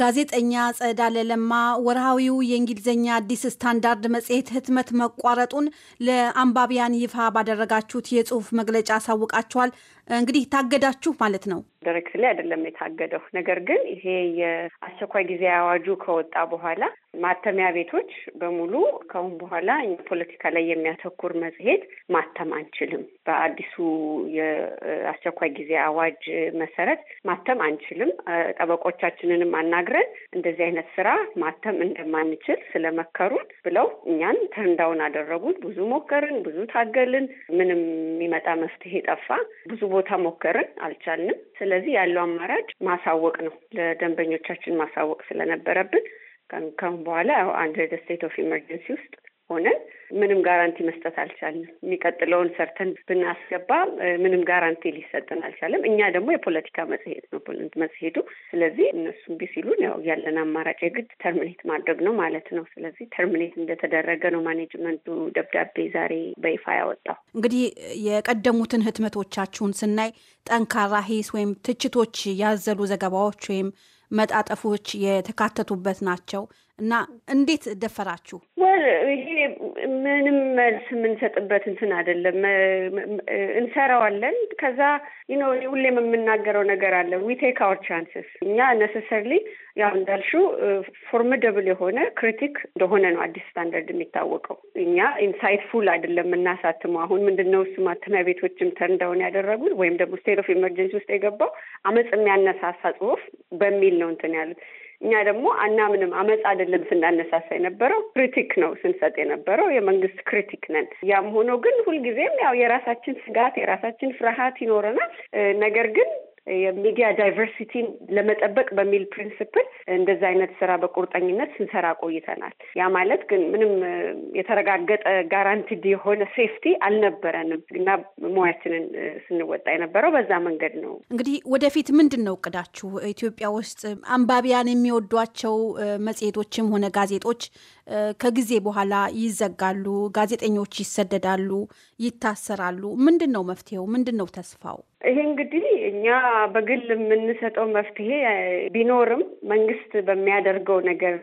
ጋዜጠኛ ጸዳለ ለማ ወርሃዊው የእንግሊዝኛ አዲስ ስታንዳርድ መጽሔት ህትመት መቋረጡን ለአንባቢያን ይፋ ባደረጋችሁት የጽሁፍ መግለጫ አሳውቃችኋል። እንግዲህ ታገዳችሁ ማለት ነው? ዳይሬክት ላይ አይደለም የታገደው። ነገር ግን ይሄ የአስቸኳይ ጊዜ አዋጁ ከወጣ በኋላ ማተሚያ ቤቶች በሙሉ ከአሁን በኋላ ፖለቲካ ላይ የሚያተኩር መጽሔት ማተም አንችልም፣ በአዲሱ የአስቸኳይ ጊዜ አዋጅ መሰረት ማተም አንችልም፣ ጠበቆቻችንንም አናግረን እንደዚህ አይነት ስራ ማተም እንደማንችል ስለመከሩን ብለው እኛን ተርንዳውን አደረጉት። ብዙ ሞከርን፣ ብዙ ታገልን፣ ምንም የሚመጣ መፍትሄ ጠፋ። ብዙ ቦታ ሞከርን፣ አልቻልንም። ስለ ስለዚህ ያለው አማራጭ ማሳወቅ ነው፣ ለደንበኞቻችን ማሳወቅ ስለነበረብን ከም በኋላ አንድ ስቴት ኦፍ ኢመርጀንሲ ውስጥ ሆነን ምንም ጋራንቲ መስጠት አልቻለም የሚቀጥለውን ሰርተን ብናስገባ ምንም ጋራንቲ ሊሰጠን አልቻለም። እኛ ደግሞ የፖለቲካ መጽሔት ነው መጽሔቱ። ስለዚህ እነሱ ቢ ያው ያለን አማራጭ የግድ ተርሚኔት ማድረግ ነው ማለት ነው። ስለዚህ ተርሚኔት እንደተደረገ ነው ማኔጅመንቱ ደብዳቤ ዛሬ በይፋ ያወጣው። እንግዲህ የቀደሙትን ህትመቶቻችሁን ስናይ ጠንካራ ሂስ ወይም ትችቶች ያዘሉ ዘገባዎች ወይም መጣጠፎች የተካተቱበት ናቸው። እና እንዴት ደፈራችሁ? ይሄ ምንም መልስ የምንሰጥበት እንትን አይደለም። እንሰራዋለን። ከዛ ሁሌም የምናገረው ነገር አለ። ዊ ቴክ አወር ቻንስስ። እኛ ነሰሰርሊ ያው እንዳልሽው ፎርሚደብል የሆነ ክሪቲክ እንደሆነ ነው አዲስ ስታንዳርድ የሚታወቀው። እኛ ኢንሳይትፉል አይደለም የምናሳትመው። አሁን ምንድን ነው እሱ ማተሚያ ቤቶችም ተርንዳውን ያደረጉት ወይም ደግሞ ስቴት ኦፍ ኢመርጀንሲ ውስጥ የገባው አመፅ የሚያነሳሳ ጽሁፍ በሚል ነው እንትን ያሉት እኛ ደግሞ አናምንም። አመፅ አይደለም ስናነሳሳ የነበረው ክሪቲክ ነው ስንሰጥ የነበረው የመንግስት ክሪቲክ ነን። ያም ሆኖ ግን ሁልጊዜም ያው የራሳችን ስጋት የራሳችን ፍርሃት ይኖረናል። ነገር ግን የሚዲያ ዳይቨርሲቲን ለመጠበቅ በሚል ፕሪንስፕል እንደዚህ አይነት ስራ በቁርጠኝነት ስንሰራ ቆይተናል። ያ ማለት ግን ምንም የተረጋገጠ ጋራንቲድ የሆነ ሴፍቲ አልነበረንም እና ሙያችንን ስንወጣ የነበረው በዛ መንገድ ነው። እንግዲህ ወደፊት ምንድን ነው እቅዳችሁ? ኢትዮጵያ ውስጥ አንባቢያን የሚወዷቸው መጽሄቶችም ሆነ ጋዜጦች ከጊዜ በኋላ ይዘጋሉ፣ ጋዜጠኞች ይሰደዳሉ፣ ይታሰራሉ። ምንድን ነው መፍትሄው? ምንድን ነው ተስፋው? ይሄ እንግዲህ እኛ በግል የምንሰጠው መፍትሄ ቢኖርም መንግስት በሚያደርገው ነገር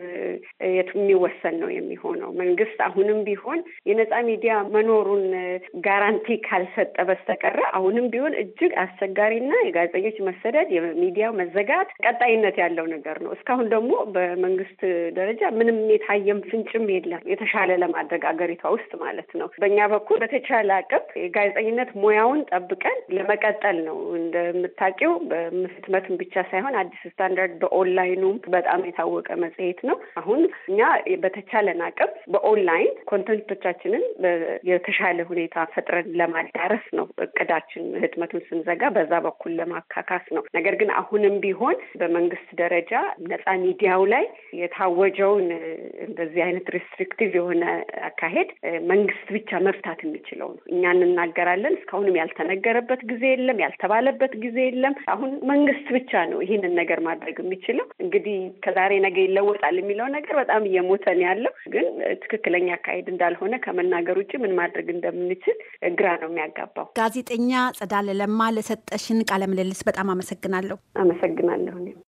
የሚወሰን ነው የሚሆነው። መንግስት አሁንም ቢሆን የነጻ ሚዲያ መኖሩን ጋራንቲ ካልሰጠ በስተቀረ አሁንም ቢሆን እጅግ አስቸጋሪና የጋዜጠኞች መሰደድ፣ የሚዲያው መዘጋት ቀጣይነት ያለው ነገር ነው። እስካሁን ደግሞ በመንግስት ደረጃ ምንም የታየም ፍንጭም የለም የተሻለ ለማድረግ አገሪቷ ውስጥ ማለት ነው። በእኛ በኩል በተቻለ አቅም የጋዜጠኝነት ሙያውን ጠብቀን ለመቀጠል ነው። እንደምታውቂው በህትመትም ብቻ ሳይሆን አዲስ ስታንዳርድ በኦንላይኑም በጣም የታወቀ መጽሔት ነው። አሁን እኛ በተቻለን አቅም በኦንላይን ኮንተንቶቻችንን የተሻለ ሁኔታ ፈጥረን ለማዳረስ ነው እቅዳችን። ህትመቱን ስንዘጋ በዛ በኩል ለማካካስ ነው። ነገር ግን አሁንም ቢሆን በመንግስት ደረጃ ነፃ ሚዲያው ላይ የታወጀውን እንደዚህ አይነት ሬስትሪክቲቭ የሆነ አካሄድ መንግስት ብቻ መፍታት የሚችለው ነው። እኛ እንናገራለን። እስካሁንም ያልተነገረበት ጊዜ የለም፣ ያልተባለበት ጊዜ የለም። አሁን መንግስት ብቻ ነው ይህንን ነገር ማድረግ የሚችለው። እንግዲህ ከዛሬ ነገ ይለወጣል የሚለው ነገር በጣም እየሞተን ያለው ግን ትክክለኛ አካሄድ እንዳልሆነ ከመናገር ውጭ ምን ማድረግ እንደምንችል ግራ ነው የሚያጋባው። ጋዜጠኛ ጸዳለ ለማ ለሰጠሽን ቃለምልልስ በጣም አመሰግናለሁ። አመሰግናለሁ